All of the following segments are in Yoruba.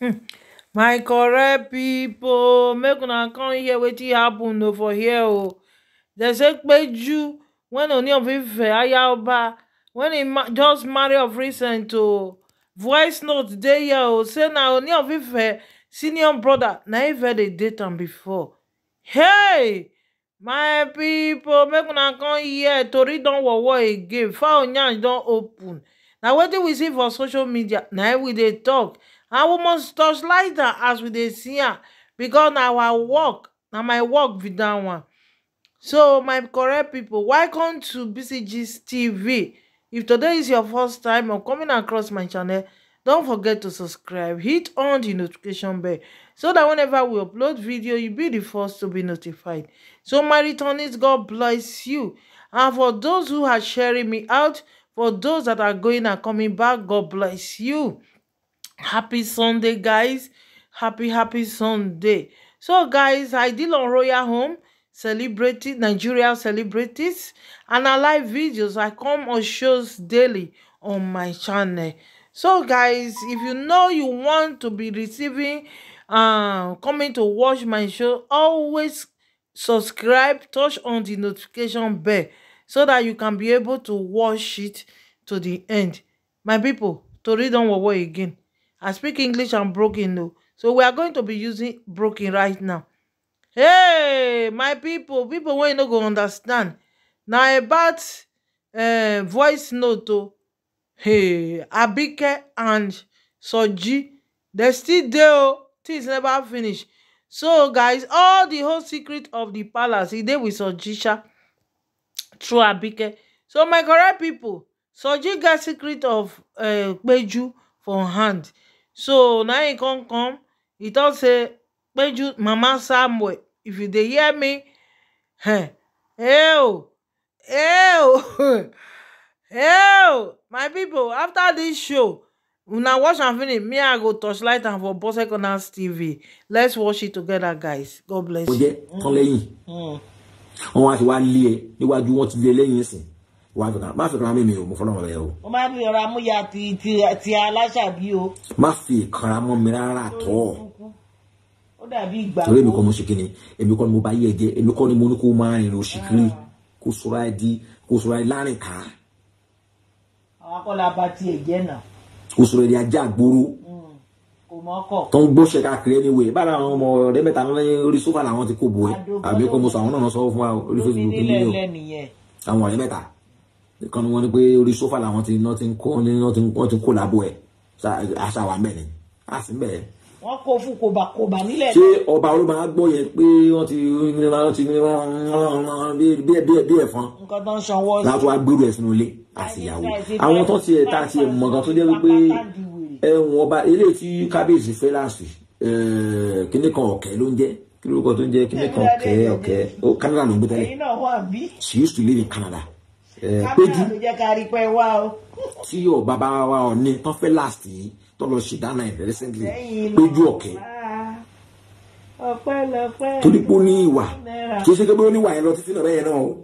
Hmm. my correct people, make una come here wetin happen over here o dem say peju When only of ife ayaba wen e just married of recent o voice note dey here o say now only of ife senior broda na ife dey date am before hey my people, make una come here. tori don wowo again fowl yansh don open na do we see for social media Now we they talk and we must torchlight am as we dey see am becos na our work na my work be dat one so my correct people, welcome to BCG's tv if today is your first time or coming across my channel don't forget to subscribe hit on the notification bell so that whenever we upload video you be the first to be notified so my returnees god bless you and for those who are sharing me out for those that are going and coming back god bless you happy sunday guys happy happy sunday so guys i deal on royal home celebrities nigeria celebrities and i live videos i come on shows daily on my channel so guys if you know you want to be receiving uh coming to watch my show always subscribe touch on the notification bell so that you can be able to watch it to the end my people To tori don what again I speak English and broken though. So we are going to be using broken right now. Hey, my people, people when you not go understand. now about uh, voice note o. Oh. Hey, Abike and Soji, they still there. o. Oh. Things never finish. So guys, all the whole secret of the palace, e dey with Soji through Abike. So my correct people, Soji got secret of uh, eh, Peju for hand so now he come come He tok say kpeju mama samuel if you dey hear me eh ew, ew, ew, my pipo After dis show una watch am finish me i go touch light am for boss economics tv let's watch it together guys god bless you. ó tán lẹ́yìn mm. mm. wọ́n wá ti wá lé ẹ e, níwájú wọ́n ti lé e lẹ́yìn sìn wá kankan má fi kankan mímì o mo fọlọ́ wọn bẹ́ẹ̀ o. ó máa fi ọ̀rọ̀ amúyà ti ti ti aláṣàbí o. má fi ìkanra mọ́ mi rárá tọ́ ó dàbí ìgbà tó. torí èmi kọ́ mo ṣe kí ni èmi kọ́ ni mo bá yí ẹ̀jẹ̀ èmi kọ́ ni mo ní kó máa rìnrìn oṣù kiri ah. kó sọra ẹ di kó sọra ẹ láàrin ká. àwọn akọ́lá bá tiẹ̀ jẹ́ náà. kó sọra ẹ di ajá àgbòrò tó ń gbóṣe káàkiri ẹni wèé bára àwọn ọmọ ọ̀rẹ́ mẹ́ta lọ́lẹ́ orí sófà làwọn ti kó bu ẹ àbí nìkan ni wọ́n ní pé orí sófà làwọn ti iná ti ń kó ní iná ti ń kó lábọ ẹ àṣà wà mẹrin á sì ń bẹ̀rẹ̀. wọ́n kó fún kòbàkòbà nílẹ̀. ṣé ọba olóma gbọ́ yẹn pé wọ́n ti nira wọ́n ti nira bí ẹ bí ẹ bí ẹ fọn. nǹkan tó ń sanwó sí. láti wá gbèrú ẹ̀ sínú ilé àtìyàwó àwọn tó ti ẹ̀ tá ti ẹ̀ tó jẹ́ wípé ẹ̀wọ̀n ọba eléyìí tí kábíyèsí fẹ́ láàsì kíní kan ọ̀kẹ́ ló ń jẹ́ kí lórúkọ tó ń jẹ́ kíní kan ọ̀kẹ́ ọ̀kẹ́ Canada ló ń gbé tẹ́lẹ̀ she used to live in Canada. Eh, péjú tí ò bàbá wa ò ní tó fẹ́ last yìí tó lọ ṣe dáná ẹ̀ recently péjú ọ̀kẹ́ torí pé ó ní ìwà kì í ṣe pé ó ní ìwà yẹn lọ títí náà bẹ́yẹn náà o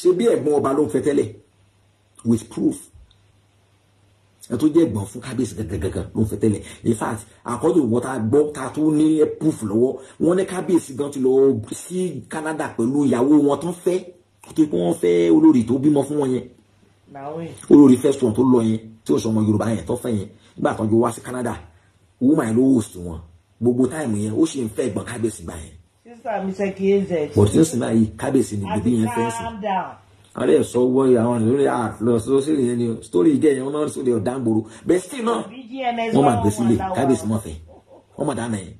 ṣe bí ẹ̀gbọ́n ọba ló ń fẹ́ tẹ́lẹ̀ with proof ẹ tó jẹ́ ẹ̀gbọ́n fún kábíyèsí gàgàgàgà ló ń fẹ́ tẹ́lẹ̀ in fact àkọ́jọ ìwọ́n ta gbọ́ ta tó ní proof lọ́wọ́ wọ́n ní kábíyèsí gan ti lọ sí Canada pẹ̀lú ìyàwó wọn tán fẹ́ tó pé wọ́n fẹ́ olórí tó bímọ fún wọn yẹn olórí first one tó lọ yẹn tí ó sọmọ Yorùbá yẹn tó fẹ́ yẹn nígbà tó jọ wá sí Canada owó màá ló wò sí wọn gbogbo táìmù yẹn ó sì ń fẹ́ ìgbọ̀n kábíyèsí gbà yẹn. bọ̀dé tí ó sì báyìí kábíyèsí ni bèbí yẹn fẹ́ sí. àwọn ẹ̀ ah, sọ wọ́ àwọn ìlú rẹ̀ lọ sí ìyẹn ni sítórì ìjẹ́ yẹn wọ́n sọ lè ọ̀dà ń gbòòrò bẹ́ẹ̀ sí náà wọ́n máa gbèsè lè kábíyèsí mọ́ fẹ́ wọ́n máa dáná yẹn.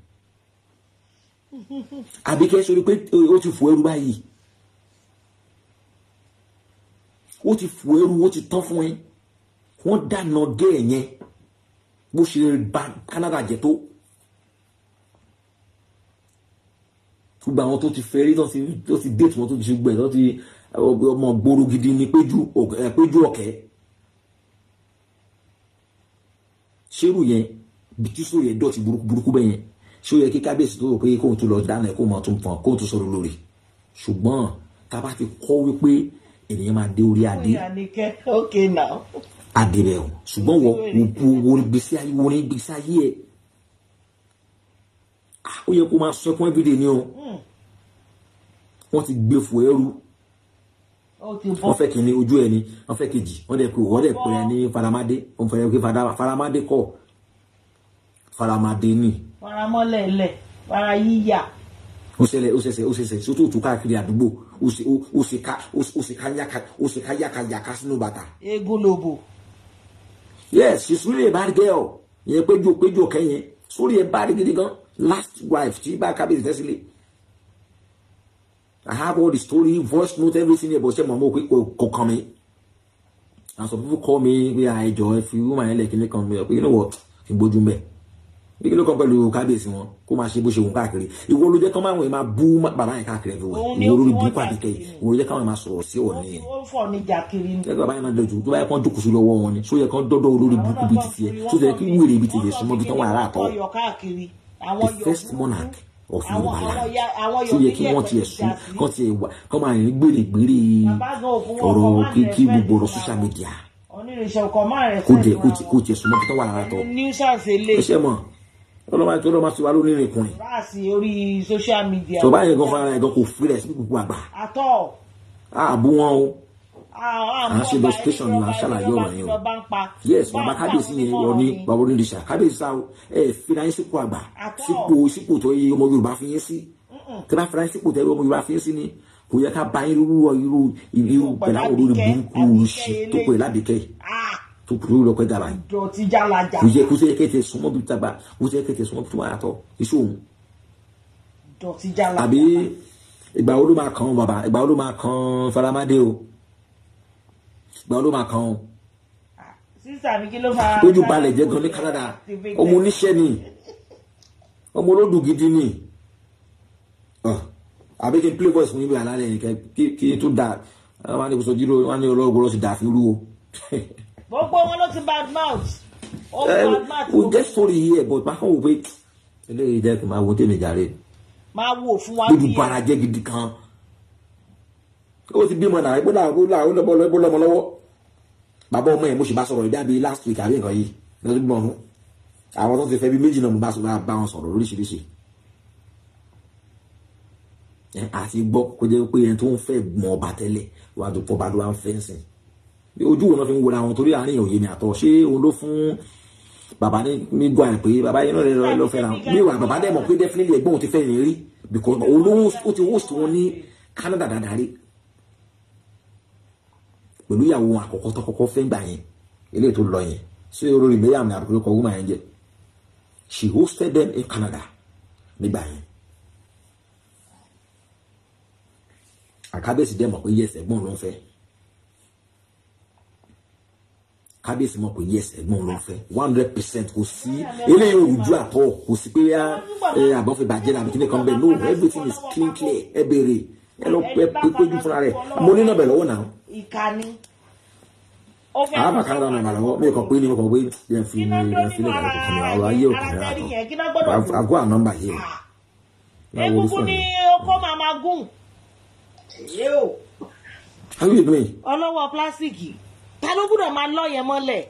àbíkẹ́ sọ pé ó ti fò ẹrú báyìí ó ti fò eru ó ti tán fún yín wọ́n dáná gé ẹ̀ yẹn bó ṣe ba Canada jẹ́ tó gbogbo àwọn tó ti fẹ́ rí tó ti déètì wọn tó ti ṣe gbẹ̀ tó ti ọmọ gbòòrò gidi ni péjú ọ̀kẹ́ ṣerú yẹn bìtísù yẹn dọ̀tí burúkú bẹ́ẹ̀ yẹn ṣé ó yẹ kí kábíyèsí tó rò pé kóun tó lọ dáná ẹ̀ kó mọ̀ tó ń fọn kóun tó sọ̀rọ̀ lórí ṣùgbọ́n tá a bá ti kọ́ wípé ènìyàn máa dé orí adé adé bẹ́ẹ̀ o ṣùgbọ́n wọ òkú wọlé ayé wọlé ayé ẹ̀ ó yẹ kó máa sọ ẹkún ẹbí dè ní o hmm. wọ́n ti gbé fò ẹrú wọ́n fẹ́ kí ni ojú ẹ̀ ni wọ́n fẹ́ kejì wọ́n dẹ̀ pé wọ́n dẹ̀ pé ní faramade wọ́n fẹ́ kí faramade kọ́ faramade ni. faramọ́lẹ̀ lẹ̀ fara yíyà ó ṣẹlẹ̀ ó ṣẹṣẹ ó ṣẹṣẹ sótó òtún káàkiri àdúgbò ó ṣe ó ṣe ká ó ṣe yes she's really a bad girl yẹn péjọ péjọ kẹyìn sórí ẹ bá gidi gan last wife tí bá kábíyèsí tẹ́sílẹ̀ I have all the story voice note everything ẹ̀ bọ̀ ṣe mọ̀ mọ́ pé kò and some people call me pé àìjọ ah, ẹ fi woman ẹ lẹ́kìnní kan mi ọ̀ you know what kì bí kí ló kàn pẹ̀lú kábíyèsí wọn kó máa ṣe bó ṣe wù káàkiri ìwọ jẹ́ kán máa wọ̀nyí máa bú bàbá yẹn káàkiri ẹ̀fẹ̀ wọ̀nyí ìwọ lórí bú pàdékẹ́ yìí ìwọ jẹ́ káwọn máa sọ̀rọ̀ sí ọ̀nì ní ẹgbẹ́ bàbá yẹn máa dọ̀jú tó bá yẹ kán jókòó lọ́wọ́ wọn ni só kán dọ́dọ̀ olórí burúkú bíi ti tiẹ̀ só yẹ kí wèrè bíi ti súnmọ́ bíi tán wà aráàtọ̀. kó tiẹ̀ súnmọ́ bíi tán wà aráàtọ̀. ẹ ṣe mọ̀ ọlọ́mọ àti ọlọ́mọ àti wa ló ní ìrìnkùnrin. báàsì orí social media. tó bá yẹ gan fara ẹ̀dọ́ kò fílẹ̀ sí gbogbo àgbà. àtọ̀. àbú wọn o. à ń ṣe demonstration là ń ṣàlàyé ọ̀rọ̀ yẹn o. yes bàbá kábíyèsí yẹn wọ ní bàbá onídìṣà kábíyèsí sáà ẹ fira yín sípò àgbà sípò sípò tó yẹ ọmọ yorùbá fi yín sí. tí bá fira yín sípò tó yẹ ọmọ yorùbá fi yín sí ni kò yẹ ká bá irú irú irú pẹ̀lú àwọn olórí burúkú ṣe tó pè lábìkẹ́ yìí. Ah! tupululu ko dara yi kuse kuse ke te sọmọ bi taba kuse ke te sọmọ bi taba yàtọ̀ iṣu òun àbí ìgbà wo ló máa kàn án bàbá ìgbà wo ló máa kàn án faramade o ìgbà wo ló máa kàn án o ojú balẹ̀ jẹ́ gan ní Canada ọmọ oníṣẹ́ ni ọmọ olódù gidi ni àbí kí n play voice fún yín bí alálẹ̀ yìí kí n tún dà wọ́n á ní kó sọ jíro wọ́n á ní ọlọ́gbọ́n lọ́sì dà gbogbo wọn ló ti bad mouth. ó bad mouth. we get story here but bákan wò pé eléyìí jẹ́ kí n máa wo tèmi jàre. máa wò fún wa bí ẹ. lójú bara jẹ́ gidi kan. ó ti bímọ náà ó náà ó náà ó lọ́mọ lọ́wọ́ bàbá ọmọ yẹn mo sì bá sọ̀rọ̀ ìdábí last week àbí nǹkan yìí lọ́dún gbọ́n fún àwọn tó ti fẹ́ bí méjì náà mo bá sọ̀rọ̀ bá wọn sọ̀rọ̀ lóríṣiríṣi àti gbọ́ kó jẹ́ pé ẹni tó ń fẹ́ mọ ọba tẹ́lẹ̀ wàá dùn pọ̀ bá ló wá ń fẹ́ sìn ojú wo náà fi ń wọra wọn torí àárín òye ni àtọ ṣé òun ló fún bàbá ní gbọ́ àyàn pé bàbá yẹn náà lọ fẹ́ra mi wà bàbá dẹ̀ mọ̀ pé definitely ẹ̀gbọ́n òun ti fẹ́ yẹn rí because olówó ó ti host wọn ní Canada dáadáa rí pẹ̀lú ìyàwó àkọ́kọ́ tó kọ́kọ́ fẹ́ gbà yẹn eléyìí tó lọ yẹn so èrò rẹ̀ mẹ́yàmù ni àbúrò kọ́ wúmà yẹn jẹ she hosted them in Canada nígbà yẹn àkábẹ́sì dẹ̀ mọ̀ pé yẹsẹ̀ ẹ̀gbọ́n ló ń fẹ́ kábíyèsí mọ̀ pé yes ẹ̀gbọ́n ló ń fẹ́ one hundred percent kò sí eléyìí òjú àtọ̀ kò sí pé ah, eh, àbọ̀n fi bàjẹ́ nàbí kí ni kan bẹ́ẹ̀ no everything is clean clear ẹ béèrè ẹ lọ pé péjú fúnra rẹ̀ mo ní nọ̀bẹ̀ lọ́wọ́ náà. ìkànnì àwọn kan dáná ìmàlà wọ mi kò pé ní mi kò pé yẹn fi mi yẹn fi lè kàlẹ́ kò fún mi àwọn ayé òkè rẹ̀ àtọ̀ àgọ́ ànọ́mbà yìí. Ah. egungun ni ọkọ màmá gùn. how you doing. ọlọ́wọ́ pílásìkì ta ló gbúdọ̀ máa lọ yẹn mọ́lẹ̀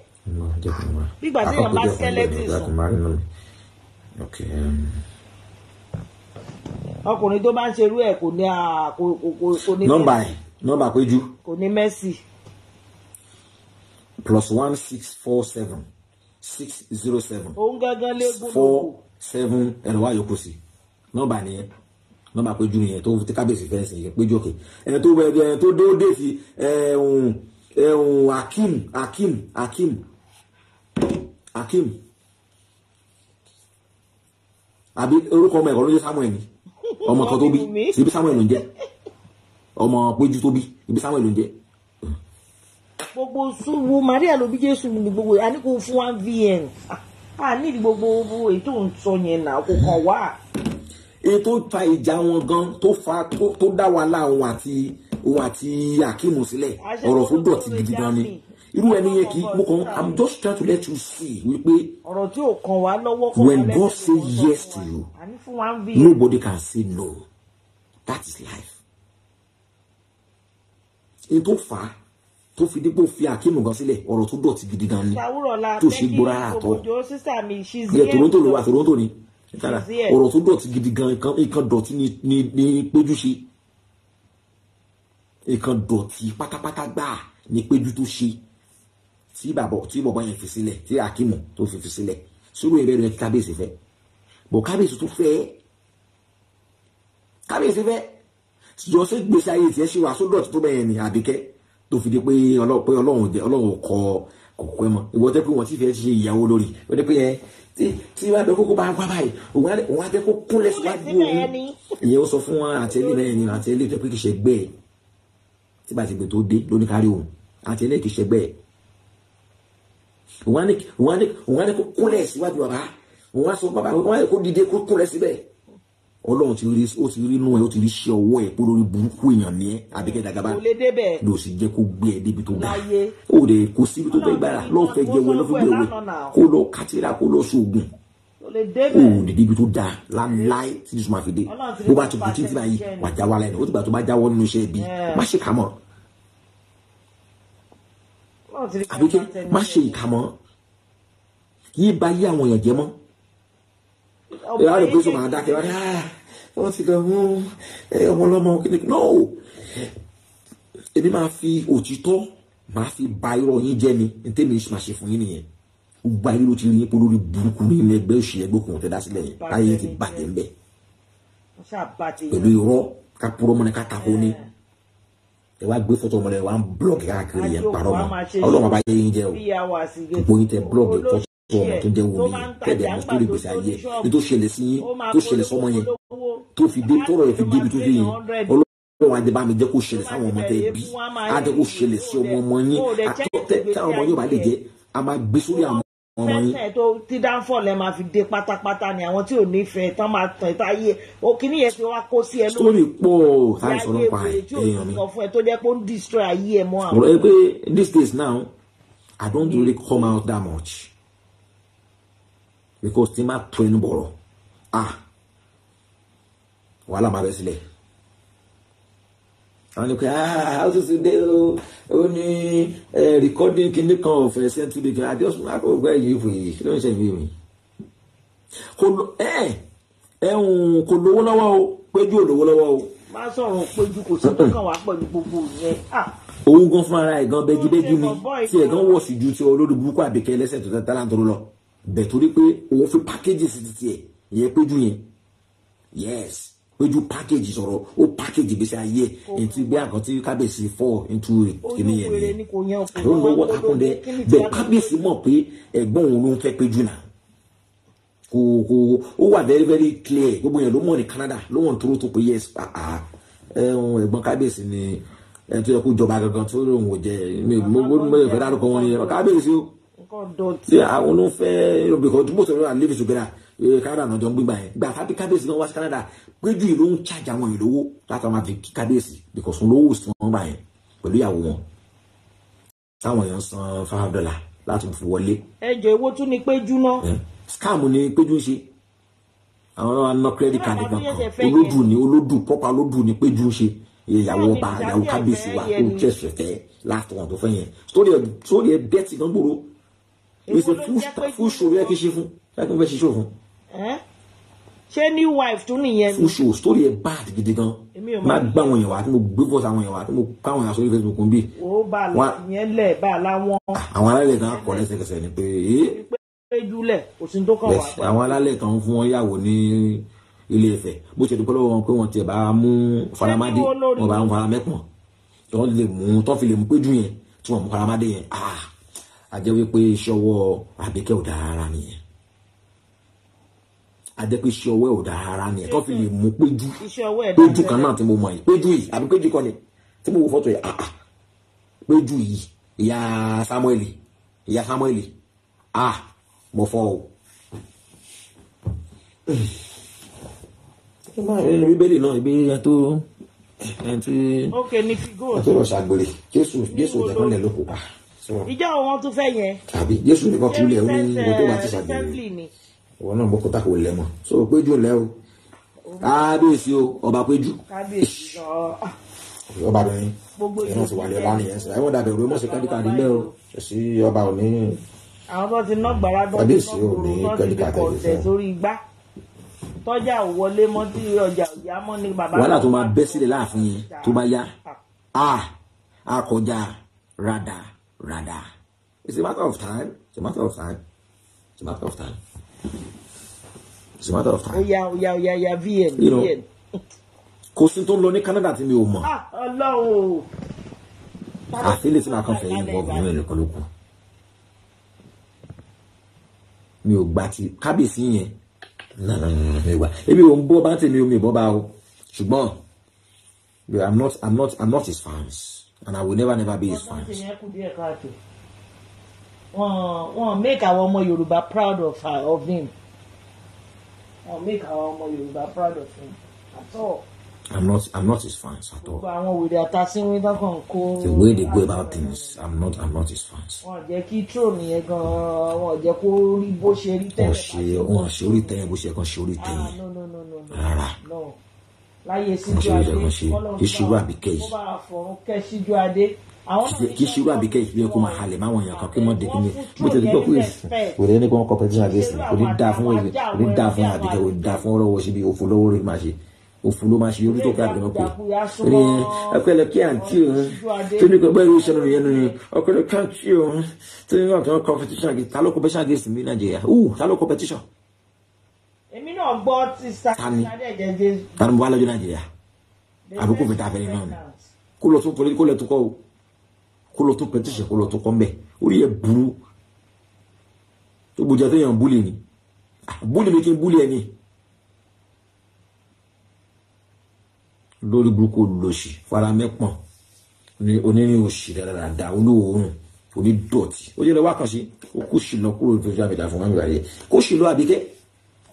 gbígbà tí yẹn bá skeleton sùn. Um, ọkùnrin tó bá ń ṣerú ẹ̀ kò ní kò ní. nọ́mbà ẹ nọ́mbà péjú. kò ní mẹ́sì. plus one six four seven six zero seven. òun gángan lé gbogbo. four seven ẹ̀rọ wa yòókù sí nọ́mbà nìyẹn nọ́mbà péjú nìyẹn tó kábíyèsí fẹ́ẹ́ sìn yẹn péjú òkè ẹni tó dé sí ẹ̀hún ẹ̀hún Hakeem akim Hakeem Hakeem àbí orúkọ ọmọ ẹ̀kọ́ ló jẹ́ Samuel ni ọmọ kan tó bí ibi Samuel ló ń jẹ́ ọmọ péjú tó bí ibi Samuel ló ń jẹ́. gbogbo sùwù Maria não bí Jésù ní gbogbo àníkò fún one vn àní ah, gbogbo ètò ń sọ yẹn náà kò kàn wá èyí tó fa ìjà wọn gan tó fa tó dá wàhálà òun àti òun àti Akeem sílẹ̀ ọ̀rọ̀ tó dọ̀tí gidi gan ni irú ẹni yẹn kì í mú kan i'm just trying to let you see wípé when God say yes to you nobody can say no that is life èyí tó fà á tó fi dípò fi Akeem gan sílẹ̀ ọ̀rọ̀ tó dọ̀tí gidi gan ni tó ṣe gbóra àtọ̀ yẹ Toronto ló wà Toronto ni ìtara ọ̀rọ̀ tó dọ̀tí gidi gan nǹkan dọ̀tí ni ni ni péjú ṣe nǹkan dọ̀tí pátápátá gbáà ni péjú tó ṣe tí bàbá tí bàbá yẹn fi sílẹ̀ tí akimu tó fi fi sílẹ̀ sórí ẹ̀rẹ́ rẹ̀ kábíyèsí fẹ́ bọ̀ kábíyèsí tó fẹ́ kábíyèsí fẹ́ jọ sí gbèsè ayé tiẹ̀ ṣe wà sódò tó bẹ́ẹ̀ ni àbíkẹ́ tó fi di pé ọlọ́run jẹ ọlọ́run kọ kọ̀ọ̀kọ́ ẹ mọ́ ìwọ tẹ́ pé wọ́n ti fẹ́ ṣe ìyàwó lórí wọ́n tẹ́ pé yẹn tí tí wàá bẹ kókó bá wá báyìí òun á bẹ kó kúnlẹ̀ sí wájú o ìyẹn ó sọ fún wọn àti ẹlẹ́ bẹ́ẹ̀ ni àti ẹlẹ́ tó pé kì í ṣe gbẹ́ ẹ̀ tí bá ti gbé tó dé lóní kárí òun àti ẹlẹ́ kì í ṣe gbẹ́ ẹ̀ òun á ní kó kúnlẹ̀ síwájú bàbá òun á sọ bàbá òun á kó dìde kó kúnlẹ̀ síbẹ̀ ọlọ́run ti rí ó ti rí inú ẹ ó ti rí ṣe ọwọ́ ẹ polórí burúkú èèyàn ní ẹ Àbíkẹ́ Jagaba ló sì jẹ́ kó gbé ẹ débi tó gbà ó dẹ̀ kó síbi tó fẹ́ gbára lọ́ọ́ fẹ́ jẹ́wọ́ ẹ lọ́ọ́ fẹ́ gbẹ̀wẹ̀ kó lọ kátìrà kó lọ sóògùn ó dìde ibi tó dáa láńláì tí jésù máa fi dé bó bá ti bùtí tìlá yìí wà já wa lẹ́nu ó ti gbà tó bá jáwọ́ nínú iṣẹ́ ibi má ṣe kà mọ́ Àbíkẹ́ má ṣe ìkà mọ́ yí ba yí àwọn èèyàn jẹ mọ́ ẹ wá lè gbóso màá dákẹ́ wá ní ah, wọ́n ti lọ mú eh, ọmọ ọlọ́mọ kíni no èmi máa fi òtítọ́ máa fi ba irọ́ yín jẹ́ mi ní tèmi máa ṣe fún yín nìyẹn gbogbo ayé ló ti rí yín pé lórí burúkú ní ilé ẹgbẹ́ òṣì ẹgbẹ́ òkùnkùn tẹ́ dá sílẹ̀ yẹn ayé ti bàjẹ́ ń bẹ̀ pẹ̀lú irọ́ ká purọ́ mọ́ni ká tako ní eh. ẹ wá gbé fọ́tò ọmọ rẹ wá ń blọọgì káàkiri yẹn parọ́ mọ́ ọlọ́mọ bá yẹ yín jẹ́ o gbogbo yín tẹ blọọgì fọ́tò ọmọ tó jẹ́ wọlé tẹ̀lé àwọn sórí gbèsè ayé ní tó ṣẹlẹ̀ sí yín tó ṣẹlẹ̀ sọmọ yẹn tó fi dé tọrọ yẹn fi débi tó dé yẹn ọlọ́run adé bá jẹ́ kó ṣẹlẹ̀ sáwọn ọmọ tẹ bí á jẹ́ kó ṣẹlẹ̀ sí ọmọ ọmọ yín àtọ́tẹ́ táwọn ọmọ yóò bá lè jẹ́ a máa gbé sórí àwọn ọmọ yín. tẹ́tẹ́ tó ti dáńfọ̀ lẹ́ máa fi dé pátápátá ni àwọn tí ò nífẹ̀ẹ́ tán máa tàn tá yé o kìíní yẹn ti wá kó sí ẹ lórí. sórí pọ̀ táyì pa èèyàn mi. ọ̀rọ̀ ẹ pé these days now I don't really come out that much because tí n bá tó ẹnu ah wàhálà máa bẹ sílẹ̀ àwọn ènìyàn pé ah how to say that o ó ní recording kìíní kan of eh, century kan àti ọ̀sùn àkọ́gbẹ́ yìí fò yìí kí ló ń ṣe ìwé mi kò lọ ẹ ẹ ń kò lówó lọ́wọ́ o péjú ò lówó lọ́wọ́ o. má sọ̀rọ̀ péjú kò sí kankan wà pẹ̀lú gbogbo yẹn ah. owó gan fún ara ẹ̀ gan bẹ́gibẹ́gi ni tí ẹ̀ gan wọ̀ sí ju ti olórí burúkú àbíkẹ́ lẹ́sẹ̀ tó tẹ́ tálàntó lọ bẹ̀ pé òun fi pákéjì sí títí ẹ̀ ìyẹn péjú yẹn yes péjú pákéjì sọ̀rọ̀ ó pákéjì gbèsè ayé ẹ̀ bí àkàn kábíyèsí fọ́ into kìíní yẹn ni I don't know what happen there bẹ̀ kábíyèsí mọ̀ pé ẹ̀gbọ́n òun ló ń fẹ́ péjú náà kò kò ó wà very very clear gbogbo yẹn ló mọ̀ ní Canada ló wọ̀n tó tó pé yes ah, ah. ẹ̀gbọ́n kábíyèsí ni ẹ̀ tó gangan tó lóun ò jẹ́ mi ò fẹ́ dárúkọ wọn yẹn kábíyèsí o ṣé àwọn ló fẹ́ obìnrin ọdún mọ̀tò náà live together Canada náà jọ ń gbígbà yẹn gbà tàbí kábíyèsí náà wá sí Canada péjú ìlú ń charge àwọn ìlówó látà máa fi kí kábíyèsí because wọn lówó sí wọn gbà yẹn pẹ̀lú ìyàwó wọn táwọn èèyàn san five hundred dollar láti fi wọlé. ẹ jọ èwo tún ni péjú náà. scam ni péjú ń ṣe àwọn náà ná credit card kan olódù ni olódù pọ́pá olódù ni péjú ń ṣe ìyàwó ọba ìyàwó kábíyèsí wa ó jẹ́ ìṣẹ̀fẹ́ látọ̀ wọn tó fẹ́ yẹn sórí ẹ̀ bẹ́ẹ̀ ti gan gbòòrò èso fúṣù rẹ kí ṣe fún láti fún fẹ́ ṣiṣọ́ fún. ṣé new wife tún nìyẹn. fúṣù story ẹ bad gidi gan máa gbá àwọn èèyàn wá tí mo gbé bọ́ àwọn èèyàn wá tí mo ká àwọn èèyàn sórí Facebook ń bì. ó bá a lọ yẹn lẹ bá láwọn. àwọn alálẹ̀ kan kọ̀ lẹ́sẹ̀kẹsẹ̀ ni pé. àwọn alálẹ̀ kan fún wọn yàwó ní Ilé Ifẹ̀ bó ṣe dúpẹ́ wọn pé wọ́n ti bá mú Faramade wọn bá ń Faramẹ́pọ̀n tó fi lè mú péjú yẹn tí wọ́n mú Faramade yẹn ah ajẹ́ wípé iṣẹ́ ọwọ́ Àbíkẹ́ ò dára nìyẹn ajẹ́ pé iṣẹ́ ọwọ́ ẹ̀ ò dára nìyẹn tó fi lè mú péjú péjú kan náà tí mo mọ̀ yìí péjú yìí àbí péjú kan ni tí mo wo fọ́tò yìí àà ah, ah. péjú yìí ìyá Samuel ìyá Samuel Ah, mo fọ́ o. ẹ máa rí nínú bíbélì náà ibi ẹ tó ẹ ti ẹ tó lọ ṣàgbèrè Jésù Jésù ìjọba lẹ ló kópa ìjọ wọn tún fẹ́ yẹn. àbí jésù nìkan tún lẹ ní gbogbo bá ti ṣàgbéyẹ̀wò ìwọ náà mọ kọta kò lẹ mọ so péjú lẹ o kábíyèsí o ọba péjú. kábíyèsí náà ọba bẹ yín ẹnu sì wà ní ọba nìyẹn sí ẹwọn dàbẹ ìwé mọsí kẹdíkà nílẹ̀ o sí ọba ò ní. àwọn tó ti ná gbàrà tó ti ná gbòòrò tó ti fi kọ̀ọ̀tẹ̀ sórí igbá tọ́jà ò wọlé mọ́ tí ọjà ò mọ́ ní bàbá. wàhálà tó máa bẹ́ sílẹ̀ láàfin yẹn tó bá yá a kọjá rádà. Rather, it's a matter of time. It's a matter of time. It's a matter of time. It's a matter of time. Oya oya oya oya VN. You know, kò sí tó ń lọ ní Canada tí mi ò mọ̀. Ah, Ọlọ́run. Àti ilé tí màá kàn yín bọ̀ nínú ẹ̀rọ kan Mi ò gbà tí kábíyèsí yẹn. Ebi ò ń bọ́ bá tèmi omi ìbọn bá o. Ṣùgbọ́n I'm not I'm not I'm not his fans and I will never never be his fans. wọ́n make àwọn ọmọ Yorùbá proud of her of him wọ́n make àwọn ọmọ Yorùbá proud of him at all. I'm not I'm not his fans at all. Àwọn wèrè àtàsínwé dákàn kó. The way they go about things, I'm not I'm not his fans. Wọ́n jẹ́ kí tróònù yẹn gan-an, wọ́n jẹ́ kó rí bó ṣe rí tẹ́lẹ̀. Wọ́n ṣe orí tẹ́yìn bó ṣe kàn ṣe orí ah, tẹ́yìn. Rárá. No. no, no, no láyé síjú adé kọ́lọ́ọ̀sán kẹ́ síjú adé kì í ṣirú àbíkẹ́ ìpínlẹ̀ kó máa halẹ̀ máwọn èèyàn kan kí wọ́n dé kíni bó ti gbọ́ pé kò ní ní kí wọ́n kọ́ pẹ́tí àbí ẹ̀sìn kò ní dáa fún ẹ̀mí kò ní dáa fún àbíkẹ́ kò ní dáa fún ọlọ́wọ́ síbi òfò lọ́wọ́ rẹ̀ máa ṣe òfò ló máa ṣe orí tó káàbí náà pé ní ọpẹ́lẹ́ kí àǹtí òun tó ní gbogbo ẹrú ìṣẹ̀lẹ̀ yẹn ni ọpẹ́lẹ́ kí àǹtí òun tó ní èmi náà gbọ́ ti sa adéjẹ tani mo wá lọ́jọ́ nàìjíríà àbí kò fi ta abẹ́rẹ́ náà ni kó lọ tún kọ́ kó lọ tún kọ́ o kó lọ tún pẹ̀tíṣẹ̀ kó lọ tún kọ́ mbẹ́ orí yẹ burú tó gbòjà tó yàn búlì ni ah, búlì mi kì í búlì ẹ̀ ni. lórí burúkú olóṣì faramẹ́pọ̀n onírìn òṣì dáadáa olóòórùn onídọ̀tí ó jẹ́ lọ́wọ́ àkànṣe ó kó ṣìlọ kúrò tó jáde dà wọn nígbà yẹn kó ṣìlọ àbíkẹ́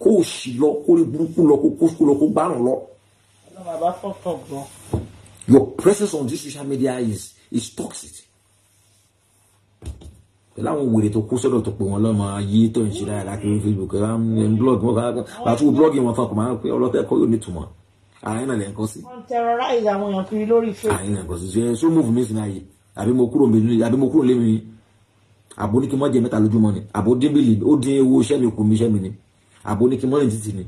kó o sì lọ kó o rí burúkú lọ kó o kó lọ kó o gbárùn lọ. your presence on this social media is is toxic. pẹ̀lú àwọn wèrè tó kó sọ́dọ̀ tó pè wọ́n lọ́mọ ayé tó ń ṣe dáadáa kiri facebook ẹ̀ ń blọ́ọ̀gì wọn kọ́ àti blọ́ọ̀gì wọn fún ọkọ̀ máa ń pẹ́ ọlọ́tẹ̀ kọ́ yóò nítumọ̀ àyìn náà lè ń sí. wọ́n terrorize àwọn èèyàn kiri lórí facebook. àyìn náà ń sí so move mi sí náà àbí mo kúrò mi àbí mo kúrò lé mi àbò ní kí n má jẹ mẹ́ta lójúmọ́ ni àbò débìlì àbò ní kí mọ́rin títì ni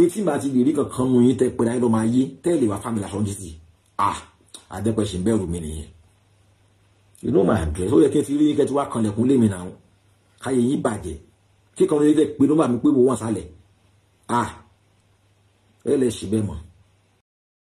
etí màá ti lè rí kankan nu yín tẹ pé láyé lọ́mọ ayé tẹ́lẹ̀ wá fámìlà sọ́n títì à àdẹ́pẹ́ ṣì ń bẹ̀rù mi nìyẹn you know my address ó yẹ kí n ti rí kẹ́ ti wá kanlẹ̀kùn lé náà káyé yín bàjẹ́ kíkan ní ilé tẹ pé ló máa mi pé mo wọ́n sálẹ̀ à ah, ẹ lẹ́ ṣì bẹ́ẹ̀ mọ́